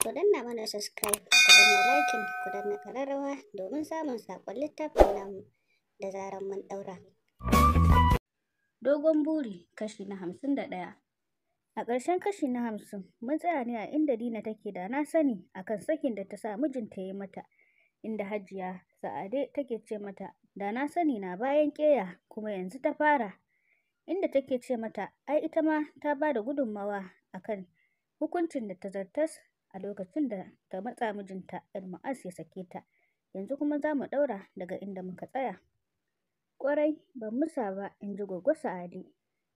ku danna mana subscribe ku danna liking ku danna kararrawa domin samun sakon littafin namu da zaran mun daura dogon buri kashi na hamsin da ɗaya a ƙarshen kashi na hamsin mun tsaya ne a inda dina take da na sani akan sakin da ta sa mijinta ya mata inda hajiya sa'ade take ce mata da na sani na bayan ƙeya kuma yanzu ta fara inda take ce mata ai ita ma ta ba da gudunmawa akan hukuncin da ta zartas a lokacin da ta matsa mijinta as ya sake ta. Yanzu kuma za mu ɗaura daga inda muka tsaya. Ƙwarai ban musa ba in ji gwaggo Sa'adi,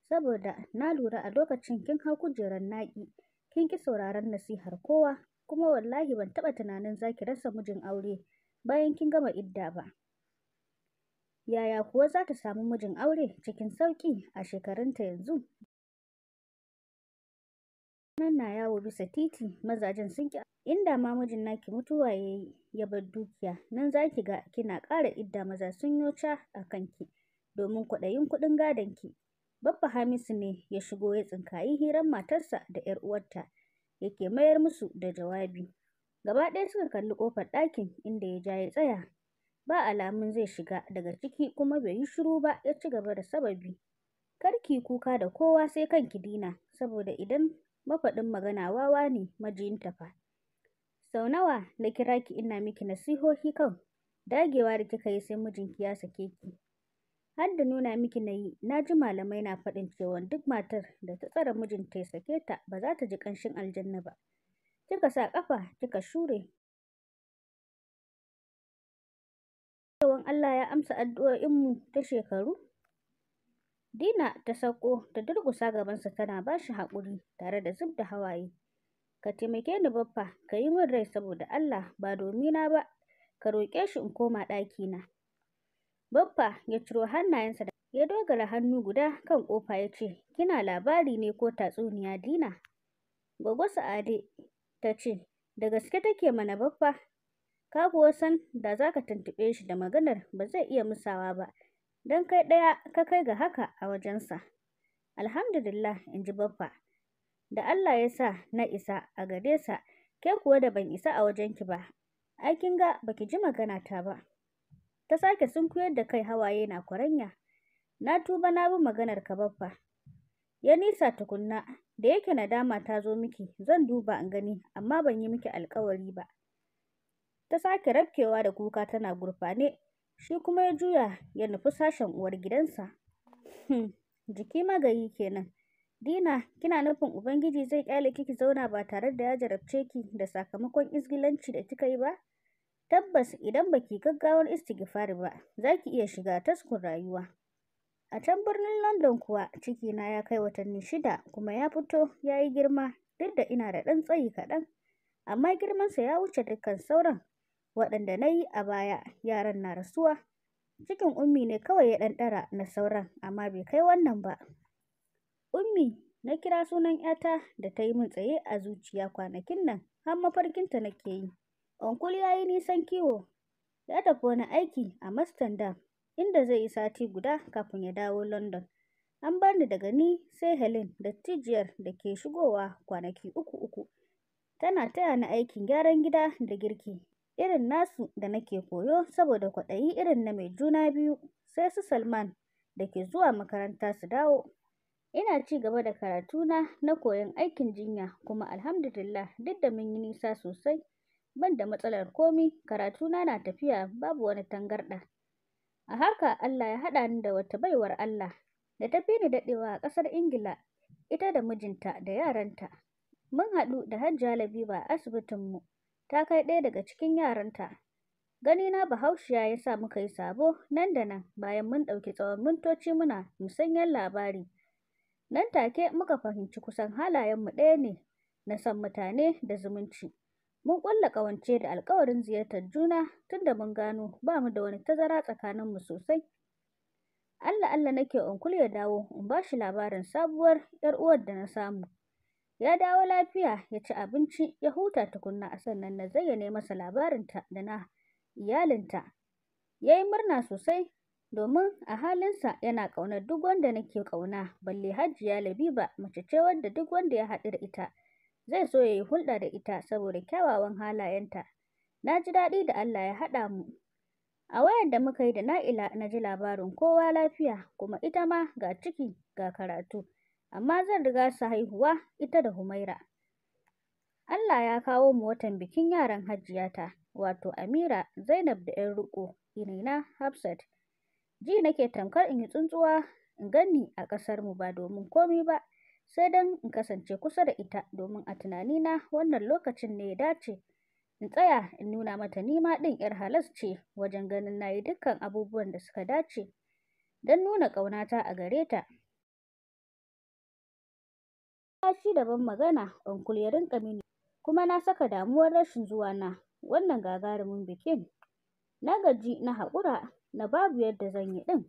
saboda na lura a lokacin kin hau kujerar naƙi, kin ki sauraron nasihar kowa, kuma wallahi ban taɓa tunanin za ki rasa mijin aure bayan kin gama idda ba. Yaya kuwa za ta samu mijin aure cikin sauƙi a shekarunta yanzu? nan na yawo bisa titi mazajen sun ƙi inda ma mijin naki mutuwa ya yi ya bar dukiya nan za ki ga kina ƙara idda maza sun yo a kanki domin kwaɗayin kuɗin gadon ki. Babba Hamisu ne ya shigo ya tsinkayi hiran matarsa da ‘yar uwarta yake mayar musu da jawabi. Gaba ɗaya suka kalli ƙofar ɗakin inda ya ja ya tsaya. Ba alamun zai shiga daga ciki kuma bai yi shiru ba ya ci gaba da sababi. Kar ki kuka da kowa sai kanki dina saboda idan mafaɗin magana wawa ne majiyinta fa sau nawa na kira ki ina miki nasihohi kan dagewa da kika yi sai mijinki ya sake ki har da nuna miki na yi na ji malamai na faɗin cewa duk matar da ta tsare mijinta ya sake ta ba za ta ji ƙanshin aljanna ba kika sa ƙafa kika shure cewan Allah ya amsa addu'o'inmu ta shekaru Dina ta sauko ta durgusa gabansa tana ba shi haƙuri tare da zub da hawaye. Ka taimake ni baffa, ka yi min rai saboda Allah ba domina ba, ka roƙe shi in koma ɗakina. Baffa ya ciro hannayensa da ya dogara hannu guda kan ƙofa ya ce, Kina labari ne ko tatsuniya Dina? Gwaggo Sa'ade ta ce, Da gaske take mana baffa, ka kuwa san da za ka tuntuɓe shi da maganar ba zai iya musawa ba. don kai ɗaya ka kai ga haka a wajensa. Alhamdulillah, in ji Baffa, da Allah ya sa na isa a gare sa, ke kuwa da ban isa a wajenki ba, ai kin ga baki ji magana ta ba. Ta sake sun sunkuyar da kai hawaye na kwaranya, na tuba na bi maganar ka Baffa. Ya nisa tukunna, da yake nadama ta zo miki, zan duba in gani, amma ban yi miki alkawari ba. Ta sake rabkewa da kuka tana gurfane, Shi kuma ya juya ya nufi sashen uwargidansa. Hmmm, jiki magayi kenan kenan. Dina, kina nufin Ubangiji zai ƙyale kiki zauna ba tare da ya jarabce ki da sakamakon izgilanci da kika yi ba? Tabbas idan ba ki gaggawar istighfari ba, za ki iya shiga taskun rayuwa. A can birnin London kuwa cikina ya kai watanni shida kuma ya fito ya yi girma duk da ina da ɗan tsayi kaɗan, amma girmansa ya wuce dukkan sauran. waɗanda na yi a baya yaran na rasuwa cikin ummi ne kawai ya ɗanɗara na sauran amma bai kai wannan ba ummi na kira sunan yata da ta yi min tsaye a zuciya kwanakin nan har mafarkinta nake yi onkul ya yi nisan kiwo ya tafi wani aiki a mastandam inda zai yi sati guda kafin ya dawo london an bar ni daga ni sai helen da tijiyar da ke shigowa kwanaki uku uku tana taya ni aikin gyaran gida da girki irin nasu da nake koyo saboda kwaɗayi irin na mai juna biyu, sai su Salman da ke zuwa makaranta su dawo. Ina ci gaba da karatuna na koyon aikin jinya kuma alhamdulillah duk da mun yi nisa sosai ban da matsalar komi karatuna na tafiya babu wani tangarɗa. A haka Allah ya haɗa ni da wata baiwar Allah da ta fi ni daɗewa a ƙasar Ingila ita da mijinta da yaranta. Mun haɗu da Hajjia Labiba a asibitinmu ta kai ɗaya daga cikin yaranta. gani na Bahaushiya ya sa muka yi sabo nan da nan bayan mun ɗauki tsawon mintoci muna musanyen labari. Nan take muka fahimci kusan halayenmu ɗaya ne na san mutane da zumunci. Mun ƙulla ƙawance da alƙawarin ziyartar juna tunda mun gano ba mu da wani tazara tsakaninmu sosai. Allah Allah nake onkul ya dawo in ba shi labarin sabuwar 'yar uwar da na samu. Ya dawo lafiya, ya ci abinci, ya huta tukunna a sannan na zayyane masa labarinta da na iyalinta. Ya yi murna sosai domin a halinsa yana ƙaunar duk wanda nake ƙauna balle hajjiya Labiba mace ce wadda duk wanda ya haɗu da ita zai so ya yi hulɗa da ita saboda kyawawan halayenta. Na ji daɗi da Allah ya haɗa mu. A wayar da muka yi da Na'ila na ji labarin kowa lafiya kuma ita ma ga ciki ga karatu. amma zan riga su haihuwa ita da Humaira. Allah ya kawo mu watan bikin yaran hajjiyata, wato Amira, Zainab da ‘yan riƙo, inina Hafsat. Ji nake tamkar in yi tsuntsuwa in gani a ƙasarmu ba domin komi ba, sai don in kasance kusa da ita domin a tunanina wannan lokacin ne ya dace. In tsaya in nuna mata nima ɗin ‘yar halas ce wajen ganin na yi dukkan abubuwan da suka dace don nuna ƙaunata a gare ta. shi da ban magana ban ya rinƙa mini, kuma na saka damuwar rashin zuwa na wannan gagarumin bikin. Na gaji na haƙura na babu yadda zan yi ɗin.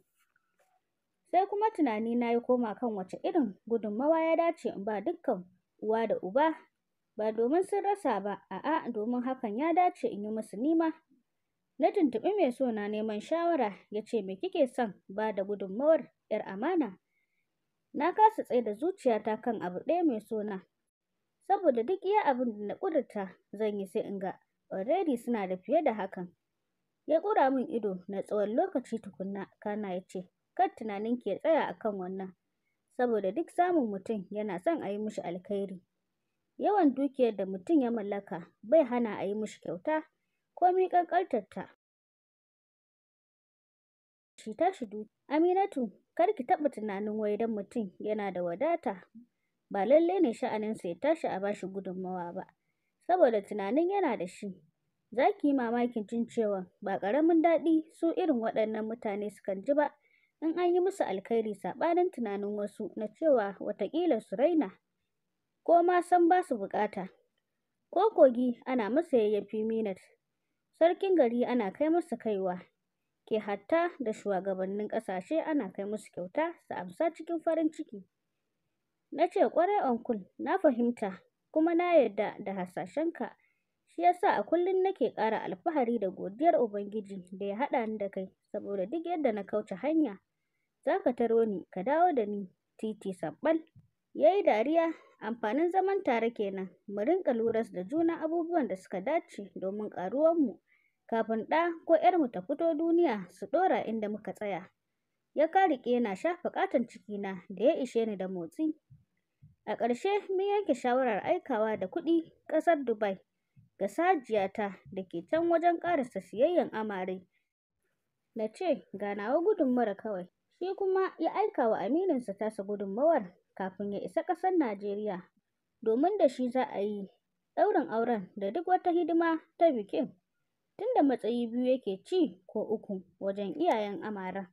Sai kuma tunani na ya koma kan wace irin gudunmawa ya dace in ba dukkan uwa da uba, ba domin sun rasa ba, a'a domin hakan ya dace in yi musu nima. Na tuntuɓi mai so na neman shawara ya ce me kike son ba da gudunmawar 'yar amana? Na kasa tsaye da zuciyata kan abu ɗaya mai suna. Saboda duk iya abin da na ƙudurta zan yi sai in ga already suna da fiye da hakan. Ya ƙura min ido na tsawon lokaci tukunna kana ya ce, kar tunanin ke tsaya akan kan wannan. Saboda duk samun mutum yana son a yi mishi alkhairi. Yawan dukiyar da mutum ya mallaka bai hana a yi mishi kyauta ko miƙan ƙanƙantarta. lokaci Aminatu kar ki taɓa tunanin wai don mutum yana da wadata ba lallai ne sha'aninsa ya tashi a bashi gudunmawa ba, saboda tunanin yana da shi. Za ki yi mamakin jin cewa ba ƙaramin daɗi su irin waɗannan mutane sukan ji ba in an yi musu alkhairi saɓanin tunanin wasu na cewa wataƙila su raina ko ma san ba su buƙata. Ko kogi ana masa yayyafi minat, sarkin gari ana kai masa kaiwa. ke hatta da shugabannin ƙasashe ana kai musu kyauta su amsa cikin farin ciki. Na ce ƙwarai onkul na fahimta kuma na yarda da hasashenka shi yasa a kullum nake ƙara alfahari da godiyar Ubangiji da ya haɗa ni da kai saboda duk yadda na kauce hanya za ka taro ni ka dawo da ni titi sabbal. Ya yi dariya amfanin zaman tare kenan mu rinƙa lura da juna abubuwan da suka dace domin ƙaruwanmu. mu. kafin ɗa ko ƴarmu ta fito duniya su ɗora inda muka tsaya. Ya karike yana shafa ƙaton cikina da ya ishe ni da motsi. A ƙarshe mun yanke shawarar aikawa da kuɗi ƙasar Dubai ga sajiyata da ke can wajen ƙarasa siyayyan amare. Na ce ga nawa gudunmawar kawai, shi kuma ya aika wa amininsa tasa gudunmawar kafin ya isa ƙasar Najeriya domin da shi za a yi ɗaurin auren da duk wata hidima ta bikin. tunda matsayi biyu yake ci ko uku wajen iyayen amara.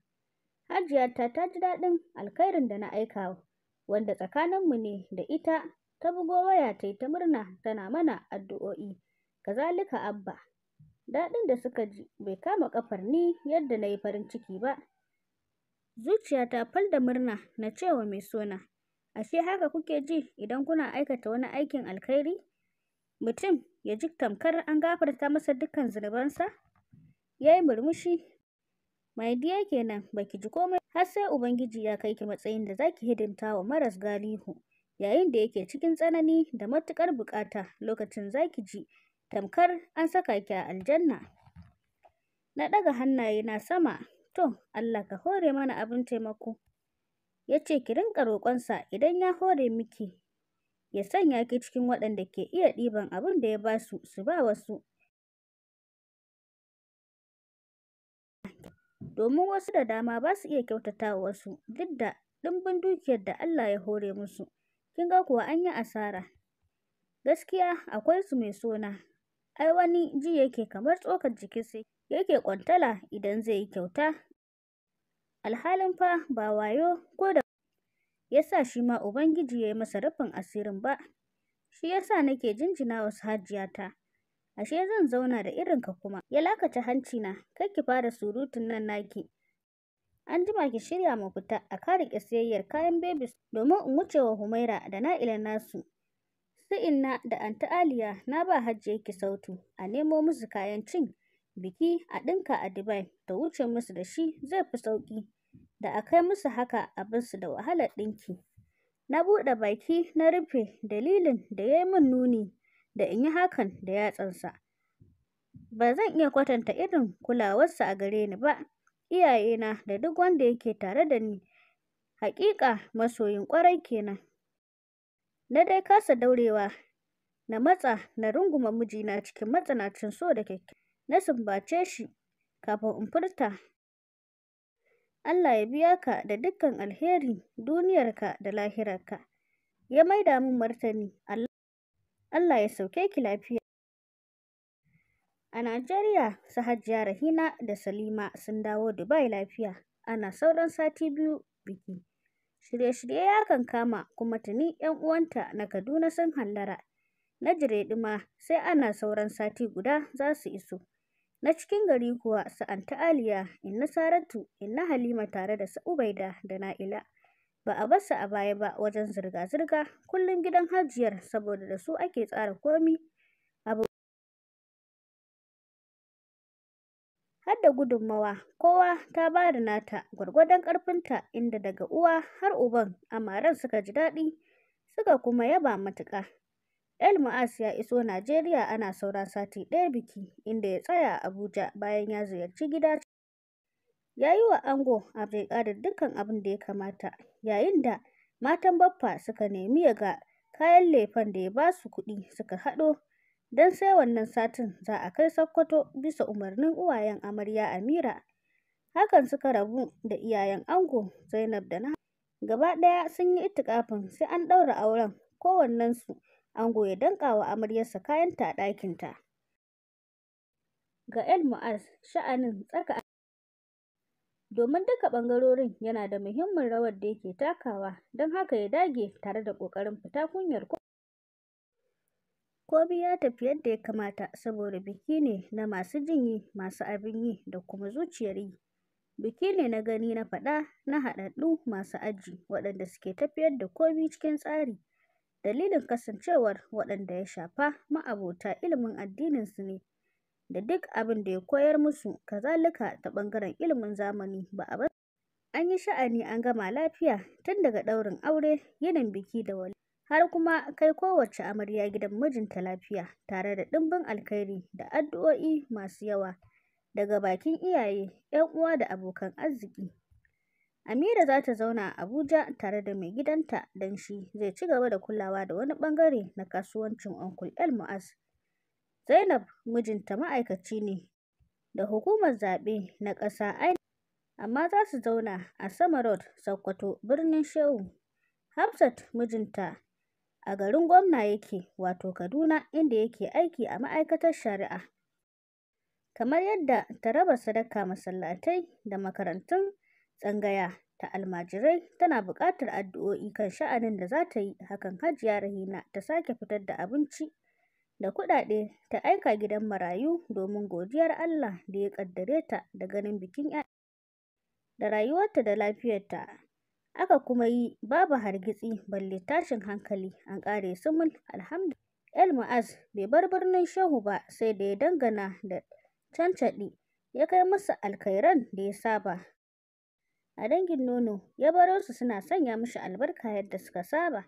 Hajiyata ta ji daɗin alkhairin da na aika wanda tsakaninmu ne da ita ta bugo waya ta yi ta murna tana mana addu'o'i. Kazalika Abba, daɗin da suka ji bai kama ƙafar ni yadda na yi farin ciki ba. Zuciyata fal da murna na cewa mai sona, ashe haka kuke ji idan kuna aikata wani aikin alkhairi? mutum ya ji tamkar an gafarta masa dukkan zunubansa? Ya yi murmushi, mai diya kenan baki ji komai har sai Ubangiji ya kai ki matsayin da za ki hidimta wa maras galihu yayin da yake cikin tsanani da matukar buƙata lokacin za ki ji tamkar an saka ki a aljanna. Na ɗaga hannaye na sama, to Allah ka hore mana abin taimako. Ya ce ki rinka roƙonsa idan ya hore miki ya sanya ki cikin waɗanda ke iya ɗiban abin da ya ba su su ba wasu. Domin wasu da dama ba su iya kyautata wa wasu duk da ɗimbin dukiyar da Allah ya hore musu. Kin ga kuwa an yi asara. Gaskiya akwai su mai suna. Ai wani ji yake kamar tsokar jiki sai yake kwantala idan zai yi kyauta. Alhalin fa ba wayo ko da ya sa shi ma Ubangiji ya yi masa rufin asirin ba. Shi ya sa nake jinjina wasu hajiyata. Ashe zan zauna da irinka kuma. Ya lakata na? kai ki fara surutun nan naki. An jima ki shirya ma fita a kare siyayyar kayan babies domin in wuce wa Humaira da Na'ilan nasu. Su inna da Anta Aliya na ba hajjiya ki sautu a nemo musu kayan cin biki a ɗinka a Dubai da wuce musu da shi zai fi sauƙi. da a kai musu haka abinsu da wahalar ɗinki. Na buɗe baki na rufe dalilin da ya yi min nuni da in yi hakan da yatsansa. Ba zan iya kwatanta irin kulawarsa a gare ni ba, iyayena da duk wanda yake tare da ni. Haƙiƙa masoyin ƙwarai kenan. Na dai kasa daurewa na matsa na runguma mijina cikin matsanacin so da kyakkyawa. Na sumbace shi kafin in furta Allah ya biya ka da dukkan alheri duniyarka da lahirarka. Ya maida min martani, Allah ya sauke ki lafiya. A Najeriya, Sahajiya, Rahina da Salima sun dawo Dubai lafiya, ana sauran sati biyu biki. Shirye-shirye ya kankama kuma tuni 'yan uwanta na Kaduna sun hallara. Na jireɗima sai ana sauran sati guda za su iso. Na cikin gari kuwa su Anty Aliya, Inna Saratu, Inna Halima tare da sa'ubaida da Na'ila ba a basu a baya ba wajen zirga-zirga kullum gidan Hajiyar saboda da su ake tsara komi abu har gudunmawa kowa ta ba da nata gwargwadon ƙarfinta inda daga uwa har uban amaran suka ji daɗi suka kuma yaba matuƙa El-Mu'az ya iso Najeriya ana saura sati ɗaya biki, inda ya tsaya a Abuja bayan ya ziyarci gida ya yi wa ango Abdulkadir dukkan abin da ya kamata, yayin da matan baffa suka nemi ya ga kayan lefen da ya ba su kuɗi suka haɗo don sai wannan satin za a kai Sokoto bisa umarnin uwayen amarya Amira. Hakan suka rabu da iyayen ango Zainab da na gaba ɗaya sun yi itikafin sai an ɗaura auren kowannensu ango ya danƙa wa amaryarsa kayanta a ɗakinta. Ga El Mu'az sha'anin tsaka domin duka ɓangarorin yana da muhimmin rawar da yake takawa don haka ya dage tare da ƙoƙarin fita kunyar Kobi ya tafi yadda ya kamata saboda biki ne na masu jinyi, masu abin yi da kuma zuciyar yi. Biki ne na gani na faɗa na haɗaɗɗu masu aji waɗanda suke tafiyar da kobi cikin tsari. Dalilin kasancewar waɗanda ya shafa ma'abota ilimin addininsu ne da duk abin da ya koyar musu, kazalika ta ɓangaren ilimin zamani ba a bar an yi sha'ani an gama lafiya tun daga ɗaurin aure, yinin biki da wani. har kuma kai kowace amarya gidan mijinta lafiya tare da ɗimbin alkhairi da addu'o'i masu yawa daga bakin iyaye, 'yan uwa da abokan arziki. Amira za ta zauna a Abuja tare da mai gidanta don shi zai ci gaba da kulawa da wani ɓangare na kasuwancin Uncle El-Mu'az. Zainab mijinta ma'aikaci ne da Hukumar Zaɓe na ƙasa INEC amma za su zauna a Sama Road, Sokoto, birnin Shehu. Hafsat mijinta a garin Gwamna yake wato Kaduna inda yake aiki a ma'aikatar shari'a. Kamar yadda ta raba sadaka masallatai da makarantun Tsangaya ta almajirai tana buƙatar addu'o'i kan sha'anin da za ta yi hakan Hajiya Rahina ta sake fitar da abinci da kuɗaɗe ta aika gidan marayu domin godiyar Allah da ya ƙaddare ta da ganin bikin ‘ya'yanta da rayuwarta da lafiyarta. Aka kuma yi babu hargitsi balle tashin hankali an ƙare sumul alhamdu. El Mu'az bai bar birnin Shehu ba sai da ya dangana da Cancaɗi ya kai masa alkhairan da ya saba a dangin nono ya baro su suna sanya mishi albarka yadda suka saba.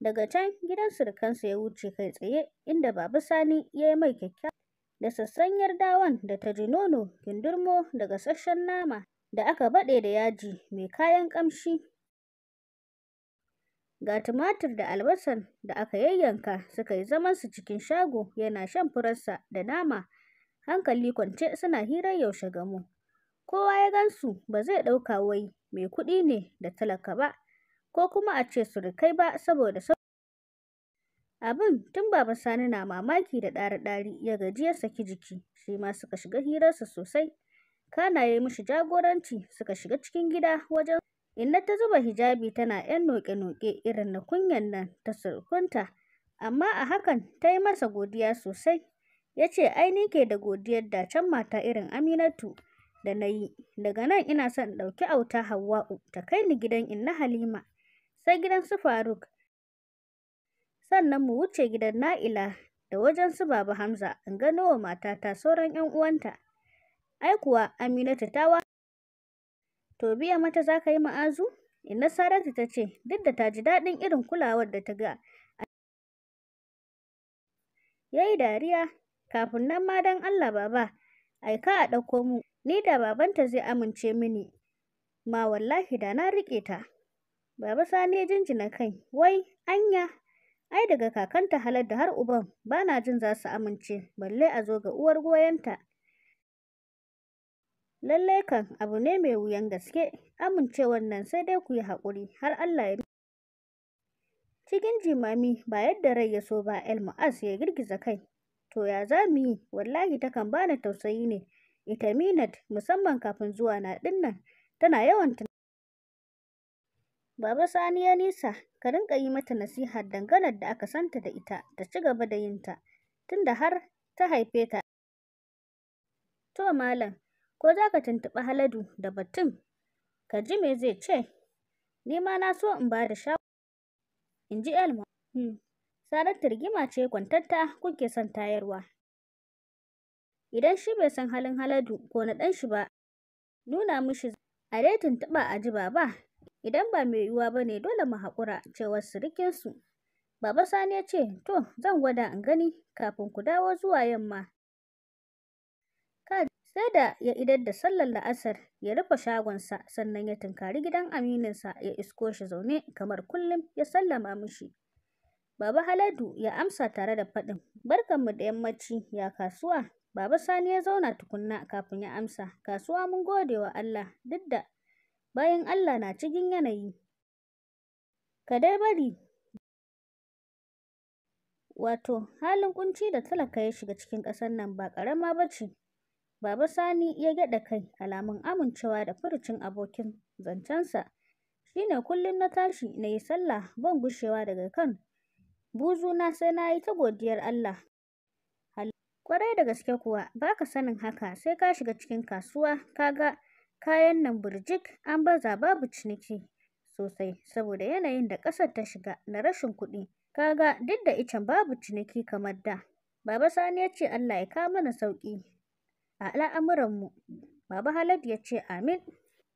Daga can gidan surukansa ya wuce kai tsaye inda Babu Sani ya yi mai kyakkyawa da sassanyar dawan da ta ji nono, gindirmo daga gasasshen nama da aka baɗe da yaji mai kayan ƙamshi. Ga tumatir da albasan da aka yayyanka suka yi su cikin shago yana shan furarsa da nama hankali kwance suna hirar yaushe gamo. Kowa ya gan su, ba zai ɗauka wai mai kuɗi ne da talaka ba ko kuma a ce surukai ba saboda sau. abin tun Baba Sani na mamaki da ɗari-ɗari ya gaji ya saki jiki, shi ma suka shiga hirarsa sosai. Kana ya yi mishi jagoranci suka shiga cikin gida wajen Inna ta zuba hijabi tana 'yan noƙe-noƙe irin na kunyan nan ta surukunta, amma a hakan ta yi masa godiya sosai, ya ce ai ke da godiyar da can mata irin Aminatu. da na yi. Daga nan ina son in ɗauki auta Hawwa'u ta kai ni gidan inna Halima, sai gidan su Faruk, sannan mu wuce gidan Na'ila da wajen su Baba Hamza in gano wa matata sauran 'yan uwanta. Ai kuwa Aminatu ta wa. To biya mata za ka yi ma'azu? Inna Saratu ta ce duk da ta ji daɗin irin kulawar da ta ga. yayi dariya, kafin nan ma don Allah baba. aika a ɗauko mu ni da babanta zai amince mini ma wallahi da na riƙe ta baba sani ya jinjina kai wai anya ai daga kakanta halar da har uban ba na jin za su amince balle a zo ga uwar goyonta lallai kan abu ne mai wuyan gaske Amince wannan, sai dai ku yi haƙuri har allah ya cikin jimami ba yadda rai ya so ba el ya girgiza kai To ya za mu yi? Wallahi takan ba ni tausayi ne, ita Minat, musamman kafin zuwa ɗin nan, tana yawan tun. Baba Sani ya nisa, ka rinƙa yi mata nasihar danganar da aka santa da ita, ta ci gaba da yin yinta, tunda har ta haife ta. To Malam, ko za ka tuntuɓi Haladu da Batun, ka ji me zai ce? Ni ma na so in ba da shawara, in ji Elma. Hmm. Saratu rigima ce kwantatta kuke son tayarwa. Idan shi bai san halin Haladu ko na ɗan shi ba, nuna mishi a dai tuntuɓa a ji baba, idan ba mai yiwuwa ba ne dole mu haƙura cewa sirikinsu. Baba Sani ya ce, To, zan gwada in gani kafin ku dawo zuwa yamma. Sai da ya idar da sallar la'asar ya rufe shagonsa sannan ya tunkari gidan amininsa ya isko shi zaune kamar kullum ya sallama mishi. Baba Haladu ya amsa tare da faɗin, mu da yammaci, ya kasuwa?" Baba Sani ya zauna tukunna kafin ya amsa, "Kasuwa mun gode wa Allah, duk da bayan Allah na cikin yanayi. Ka dai bari wato halin ƙunci da talaka ya shiga cikin ƙasar nan ba ƙarama ba ce." Baba Sani ya gyaɗa kai alamun amincewa da furucin abokin zancensa. Shi ne kullum na tashi na yi sallah ban gushewa daga kan buzuna sai na yi ta godiyar Allah. Kwarai da gaske kuwa, ba ka sanin haka sai ka shiga cikin kasuwa kaga kayan nan burjik an baza babu ciniki sosai saboda yanayin da ƙasar ta shiga na rashin kuɗi. kaga duk da icen babu ciniki kamar da. Baba Sani ya ce Allah ya kawo mana sauƙi a al'amuranmu. Baba Haladu ya ce amin.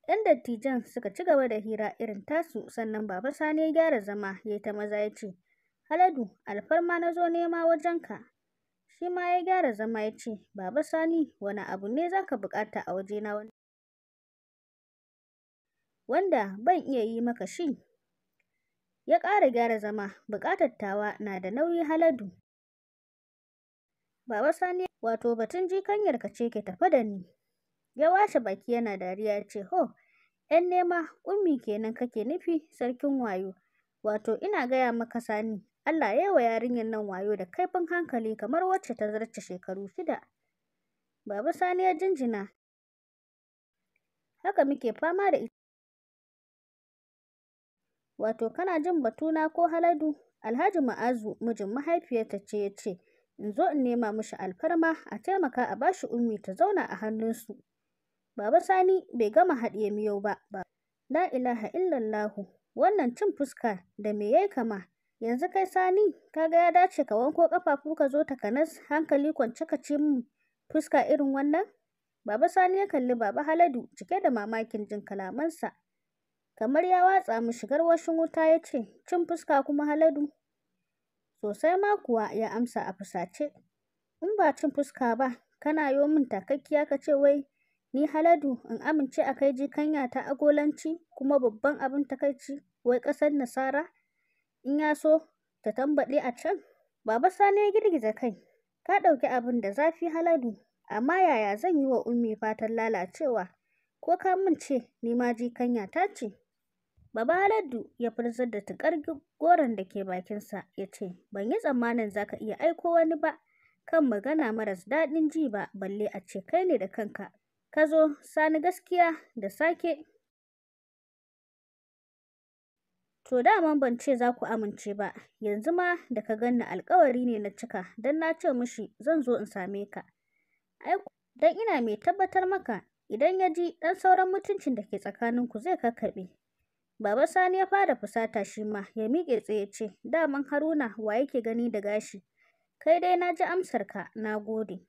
‘Yan dattijan suka ci gaba da hira irin tasu sannan Baba Sani ya gyara zama ya yi ta maza ya ce Haladu alfarma na zo nema wajenka. Shi ma ya gyara zama ya ce, Baba Sani, wane abu ne za ka buƙata a wajena wanda ban iya yi maka shi? Ya ƙara gyara zama, buƙatar tawa na da nauyi Haladu. Baba Sani, wato batun jikanyar ka ce ke tafa da ni. Ya washe baki yana dariya ya ce, Ho, ‘yan nema, ummi kenan kake nufi sarkin wayo, wato ina gaya maka Sani, Allah ya yi wa yarinyar nan wayo da kaifin hankali kamar wacce ta zarce shekaru shida. Baba Sani ya jinjina. Haka muke fama da ita. Wato kana jin batuna ko haladu? Alhaji Ma'azu mijin mahaifiyarta ce ya ce, in zo in nema mishi alfarma a taimaka a bashi ummi ta zauna a hannunsu. Baba Sani bai gama haɗiye miyau ba. La ilaha illallahu wannan cin fuska da me yayi kama Yanzu kai Sani, ka ga ya dace ka wanko kafafu ka zo takanas hankali kwance ka ce min fuska irin wannan? Baba Sani ya kalli Baba Haladu cike da mamakin jin kalamansa. Kamar ya watsa mu shigar washin wuta ya ce, cin fuska kuma Haladu? Sosai ma kuwa ya amsa a fusace. In ba cin fuska ba, kana yo min takakkiya ka ce wai ni Haladu in amince a kai jikanya ta agolanci kuma babban abin takaici wai ƙasar Nasara? in ya so ta tambaɗe a can. Baba Sani ya girgiza kai, ka ɗauki abin da zafi haladu, amma yaya zan yi wa ummi fatan lalacewa, ko ka min ce ni ma jikanya ta ce. Baba Haladu ya furzar da tukar goron da ke bakinsa ya ce, Ban yi tsammanin za ka iya aiko wani ba kan magana maras daɗin ji ba, balle a ce kai ne da kanka. Ka zo, sani gaskiya da sake To daman ban ce za ku amince ba, yanzu ma da ka ganni alkawari ne na cika don na ce mishi zan zo in same ka. Ai don ina mai tabbatar maka idan ya ji ɗan sauran mutuncin da ke tsakaninku zai kakkaɓe. Baba Sani ya fara fusata shi ma ya miƙe tsaye ce, daman Haruna wa yake gani da gashi, kai dai na ji amsar ka na gode.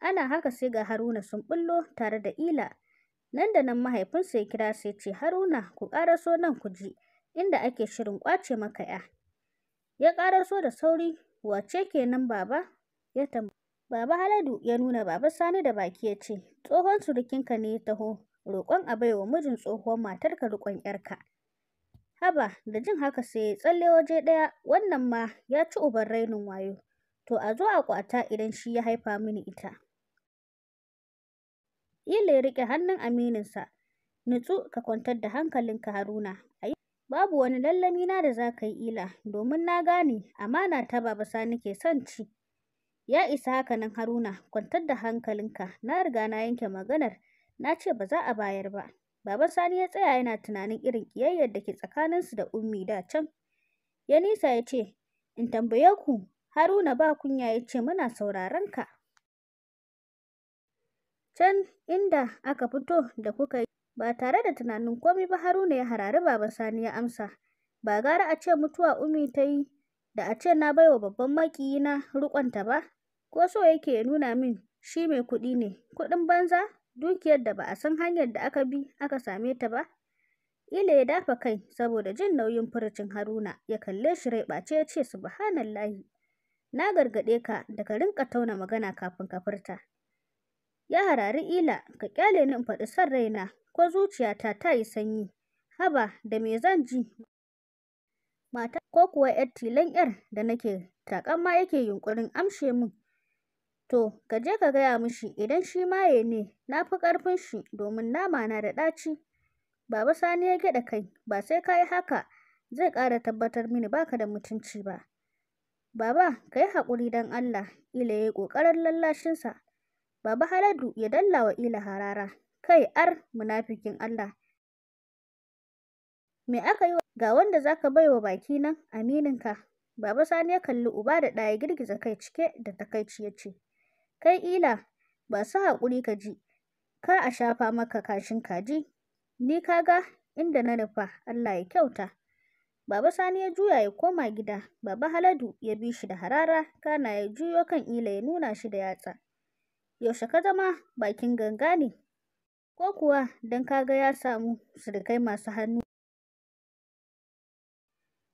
Ana haka sai ga Haruna sun ɓullo tare da Ila. Nan da nan mahaifinsa ya kira su ya ce, Haruna, ku ƙaraso nan ku ji, inda ake shirin ƙwace maka ‘ya. Ya ƙaraso da sauri, wace kenan baba? Ya tambaya. Baba Haladu ya nuna Baba Sani da baki ya ce, Tsohon surukinka ne ya taho, roƙon a baiwa mijin tsohuwar matarka riƙon ‘yarka. Haba, da jin haka sai ya tsalle waje ɗaya, wannan ma ya ci uban rainin wayo. To a zo a ƙwata idan shi ya haifa mini ita. Ile ya riƙe hannun amininsa. Nutsu ka kwantar da hankalinka Haruna. Babu wani lallami na da za ka yi ila, domin na gane amana ta Baba Sani ke son ci. Ya isa haka nan Haruna, kwantar da hankalinka, na riga na yanke maganar, na ce ba za a bayar ba. Baba Sani ya tsaya yana tunanin irin ƙiyayyar da ke tsakaninsu da Ummi da can. Ya nisa ya ce, in tambaye ku, Haruna ba kunya ya ce muna sauraron ka. can inda aka fito da kuka yi ba tare da tunanin komai ba Haruna ya harari ba Sani ya amsa ba gara a ce mutuwa Umi ta yi da a ce na baiwa babban maki na rukonta ba ko so yake ya nuna min shi mai kuɗi ne kuɗin banza dukiyar da ba a san hanyar da aka bi aka same ta ba Ile ya dafa kai saboda jin nauyin furucin Haruna ya kalle shi rai ɓace ya ce subhanallahi na gargaɗe ka da ka rinka tauna magana kafin ka furta Ya harari Ila, ka kyale ni in faɗi son raina, ko zuciyata ta yi sanyi. Haba, da me zan ji? Mata ko kuwa ‘yar tilan ‘yar da nake ma yake yunƙurin amshe min. To, ka je ka gaya mishi idan shi maye ne, na fi ƙarfin shi domin nama na da ɗaci. Baba Sani ya gyaɗa kai, ba sai ka yi haka, zai ƙara tabbatar mini baka da mutunci ba. Baba, ka yi haƙuri don Allah, Ila ya yi ƙoƙarin lallashinsa. Baba Haladu ya dalla wa Ila harara, kai ar munafikin Allah, me aka yi ga wanda za ka wa baki nan ka. Baba Sani ya kalli uba da ɗaya girgiza kai cike da takaici ya ce, Kai Ila, ba su haƙuri ka ji, Ka a shafa maka kashin kaji, ni kaga inda na nufa Allah ya kyauta. Baba Sani ya juya ya koma gida, Baba Haladu ya bi shi da harara, kana ya juyo kan Ila ya nuna shi da yatsa. yaushe ka zama bakin ganga ne, ko kuwa don ka ga ya samu sirikai masu hannu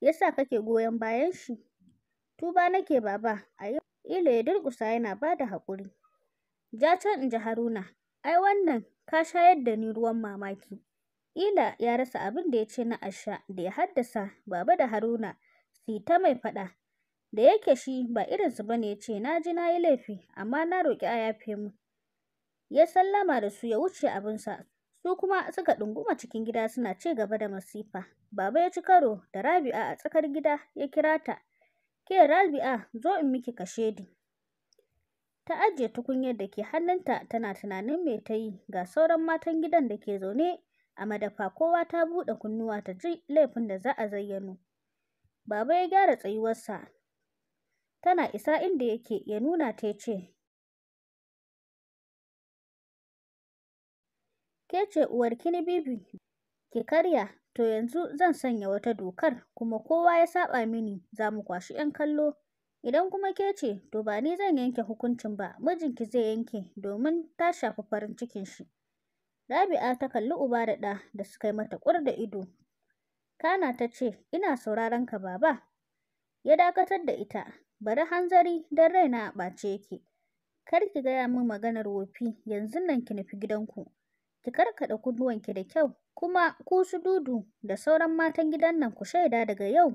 ya sa kake goyon bayan shi? Tuba nake baba a yau, Ila ya durƙusa yana ba da haƙuri. Ja can in ji Haruna, ai wannan ka shayar da ni ruwan mamaki. Ila ya rasa abin da ya ce na asha da ya haddasa baba da Haruna su yi ta mai faɗa Da yake shi ba irinsu ba ne ya ce, na ji na yi laifi, amma na roƙi a yafe mu. Ya sallama da su ya wuce abinsa, su kuma suka ɗunguma cikin gida suna ci gaba da masifa. Baba ya ci karo da Rabi'a a tsakar gida ya kira ta, ke Rabi'a zo in miki kashedi. Ta ajiye tukunyar da ke hannunta tana tunanin me ta yi ga sauran matan gidan da ke zaune a madafa kowa ta buɗe kunnuwa ta ji laifin da za a zayyano. Baba ya gyara tsayuwarsa Tana isa inda yake ya nuna ta yace. ce, Ke ce uwar bibi ki karya, to yanzu zan sanya wata dokar kuma kowa ya saɓa mini za mu kwashi ‘yan kallo. Idan kuma ke ce, to ba ni zan yanke hukuncin ba, mijinki zai yanke domin ta shafi farin cikin shi. Rabi'a ta kalli uba da ɗa da suka yi mata ƙur da ido. Kana ta ce, ina sauraron ka baba. Ya dakatar da ita bari hanzari don raina a ɓace yake. Kar ki gaya min maganar wofi yanzu nan ki nufi gidanku. Ki karkaɗa kunnuwanki da kyau kuma ku su dudu da sauran matan gidan nan ku shaida daga yau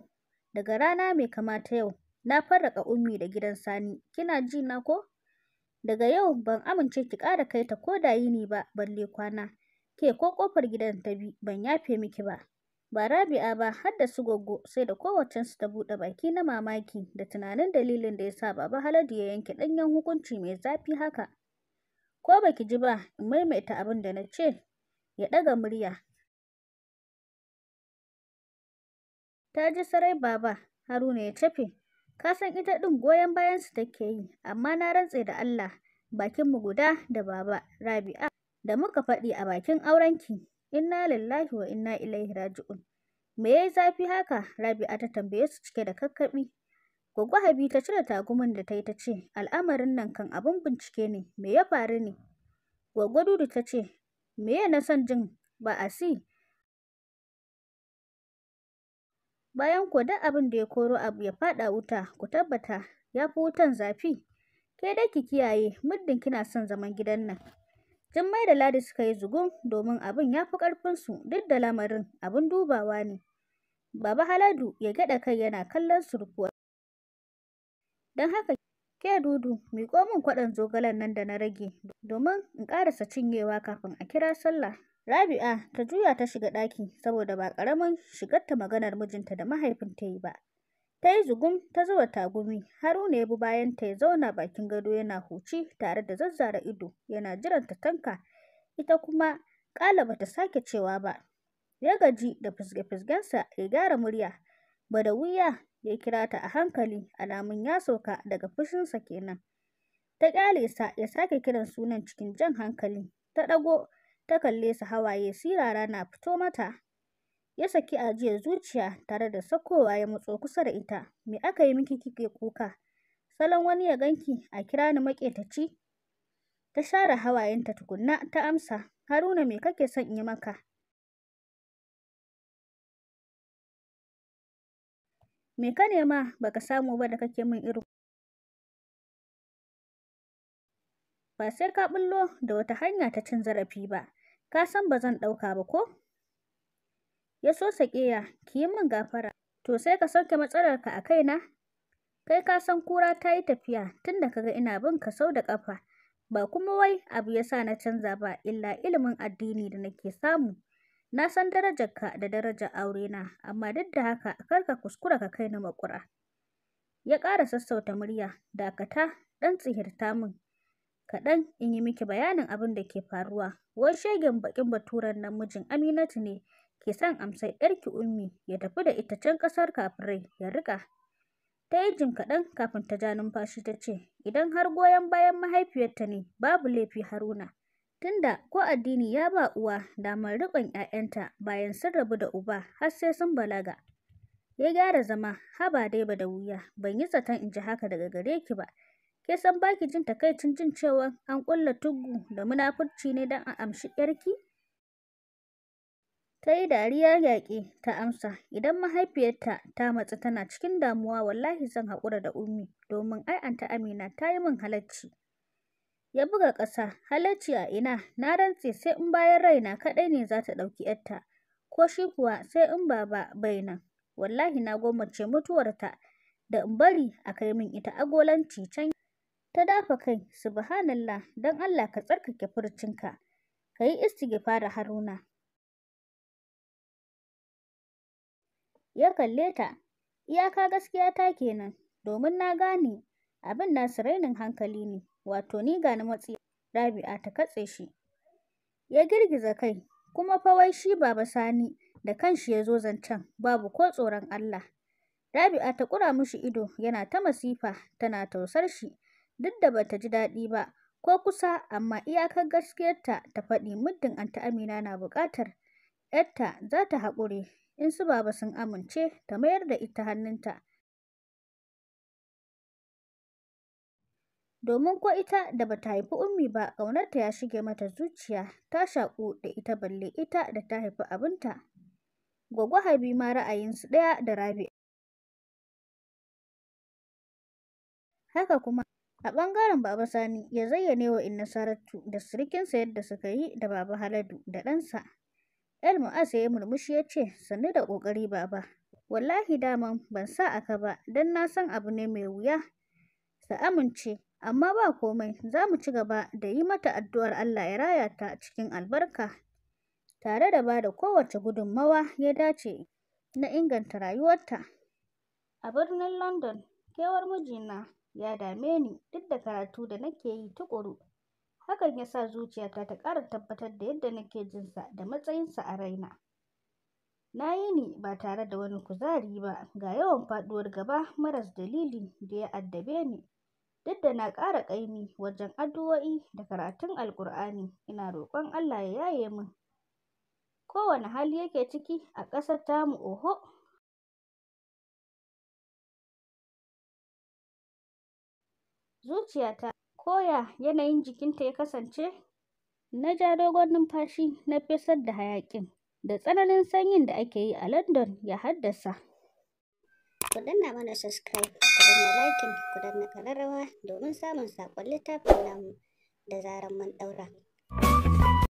daga rana mai kamata yau na farraka ummi da gidan sani kina ji na ko daga yau ban amince ki ƙara kai ta ko da yini ba balle kwana ke ko ƙofar gidan ta bi ban yafe miki ba Ba Rabi'a ba har da su Goggo sai da su ta buɗe baki na mamaki da tunanin dalilin da ya sa Baba Haladu ya yanke ɗanyen hukunci mai zafi haka. Ko baki ji ba in maimaita abin da na ce ya ɗaga murya. Ta ji sarai Baba Haruna ya cafe ka san ita ɗin goyon bayansu take yi amma na rantse da Allah bakinmu guda da Baba Rabi'a da muka faɗi a bakin aurenki Inna lillahi wa inna ilaihi raji'un. Me yayi zafi haka? Rabi'a ta tambaye su cike da kakkabi Gwaggo Habi ta cire tagumin da ta yi ta ce, Al'amarin nan kan abin bincike ne, me ya faru ne? Gwaggo Dudu ta ce, Me ya na son jin ba a si? Bayan ko duk abin da ya koro abu ya faɗa wuta, ku tabbata ya fi wutan zafi. Ke dai ki kiyaye, muddin kina son zaman gidan nan. Jummai da Ladi suka yi zugun domin abin ya fi ƙarfinsu duk da lamarin abin dubawa ne. Baba Haladu ya gyaɗa kai yana kallon surkuwa. Don haka ke dudu miƙo min kwaɗon zogalen nan da na rage domin in ƙarasa cinyewa kafin a kira sallah. Rabi'a ta juya ta shiga ɗaki saboda ba ƙaramin shigarta maganar mijinta da mahaifinta yi ba. Ta yi zugum ta zuba tagumi, Haruna ya bi ta ya zauna bakin gado yana huci tare da zazzare ido yana jiran ta tanka, ita kuma ƙala ba ta sake cewa ba. Ya gaji da fisge-fisgensa ya gyara murya, wuya ya kira ta a hankali alamun ya sauka daga fushinsa kenan. Ta ƙyale sa ya sake kiran sunan cikin jan hankali, ta ɗago ta kalle sa hawaye sirara na fito mata. ya saki ajiyar zuciya tare da sakowa ya matso kusa da ita. Me aka yi miki kike kuka? Salon wani ya ganki a kira ni maƙetaci? Ta share hawayenta tukunna ta amsa, Haruna me kake son in yi maka? Me ka nema baka samu ba da kake min irin Ba sai ka bullo da wata hanya ta cin zarafi ba, ka san ba zan ɗauka ba ko? Ya so saƙeya, ki yi min gafara, to sai ka sauke matsalarka a kaina? Kai ka san kura ta yi tafiya tun da ka ga ina bin ka sau da ƙafa, ba kuma wai abu ya sa na canza ba illa ilimin addini da nake samu. Na san darajarka da darajar aurena, amma duk da haka kar ka kuskura ka kai ni makura. Ya ƙara sassauta murya, dakata, ɗan tsihirta min. Kaɗan in yi miki bayanin abin da ke faruwa, wai shegen baƙin baturen namijin Aminatu ne, ke son amsar ‘yarki ummi ya tafi da ita can ƙasar kafirai ya riƙa. Ta yi jim kaɗan kafin ta ja numfashi ta ce, idan har goyon bayan mahaifiyarta ne babu laifi Haruna, tunda ko addini ya ba uwa damar riƙon ‘ya'yanta bayan sun rabu da uba har sai sun balaga. Ya gyara zama, haba dai ba da wuya, ban yi zaton in ji haka daga gare ki ba. Ke san baki jin takaicin jin cewa an ƙulla tuggu da munafurci ne don a amshi ‘yarki? Ta yi dariyar yaƙi, ta amsa, “Idan mahaifiyarta ta matse tana cikin damuwa wallahi zan haƙura da Ummi domin ai ta Amina ta yi min halacci.” Ya buga ƙasa, “Halacci a ina, na rantse sai in bayan raina kaɗai ne za ta ɗauki ‘yarta, ko shi kuwa sai in Baba bai nan, wallahi na gwammace mutuwarta da in bari a kai min ita agolanci can.” Ta dafa kai, “Subhanallah, don Allah ka tsarkake furcinka, ka yi fara Haruna. ya kalle ta, iyaka gaskiya ta kenan, domin na gane abin nasu rainin hankali ne, wato ni ga na matsi Rabi'a ta katse shi. Ya girgiza kai, kuma fa wai shi Baba Sani da kanshi ya zo zancen babu ko tsoron Allah. Rabi'a ta kura mushi ido yana ta masifa tana tausar shi duk da bata ji daɗi ba ko kusa amma iyakar gaskiyarta ta faɗi muddin Anta Amina na buƙatar ‘yarta za ta haƙure in su baba sun amince ta mayar da ita hannunta. Domin ko ita da ba ta haifi ummi ba, ƙaunarta ya shige mata zuciya, ta shaƙu da ita balle ita da ta haifi abinta. Gwaggo Habi ma ra'ayinsu ɗaya da Rabi. Haka kuma, a ɓangaren Baba Sani ya zayyane wa Inna Saratu da sirikinsa yadda suka yi da Baba Haladu da ɗansa. El ya murmushi ya ce, sannu da ƙoƙari baba. Wallahi daman ban sa aka ba, don na san abu ne mai wuya. Sa amince, amma ba komai, za mu ci gaba da yi mata addu'ar Allah ya raya ta cikin albarka. Tare da ba da kowace gudunmawa ya dace na inganta rayuwarta. A birnin London, kewar mijina ya dame ni duk da karatu da nake yi tuƙuru. hakan ya sa zuciyata ta ƙara tabbatar da yadda nake jinsa da matsayinsa a raina na yi ni ba tare da wani kuzari ba ga yawan faɗuwar gaba maras dalili da ya addabe ni duk da na ƙara ƙaimi wajen addu'o'i da karatun alƙur'ani ina roƙon Allah ya yaye min kowane hali yake ciki a ƙasar tamu oho zuciyata koya yanayin jikinta ya kasance na ja dogon numfashi na fesar da hayaƙin da tsananin sanyin da ake yi a london ya haddasa ku danna mana subscribe ku danna like ku danna kararrawa domin samun saƙon littafin namu da zarar mun ɗaura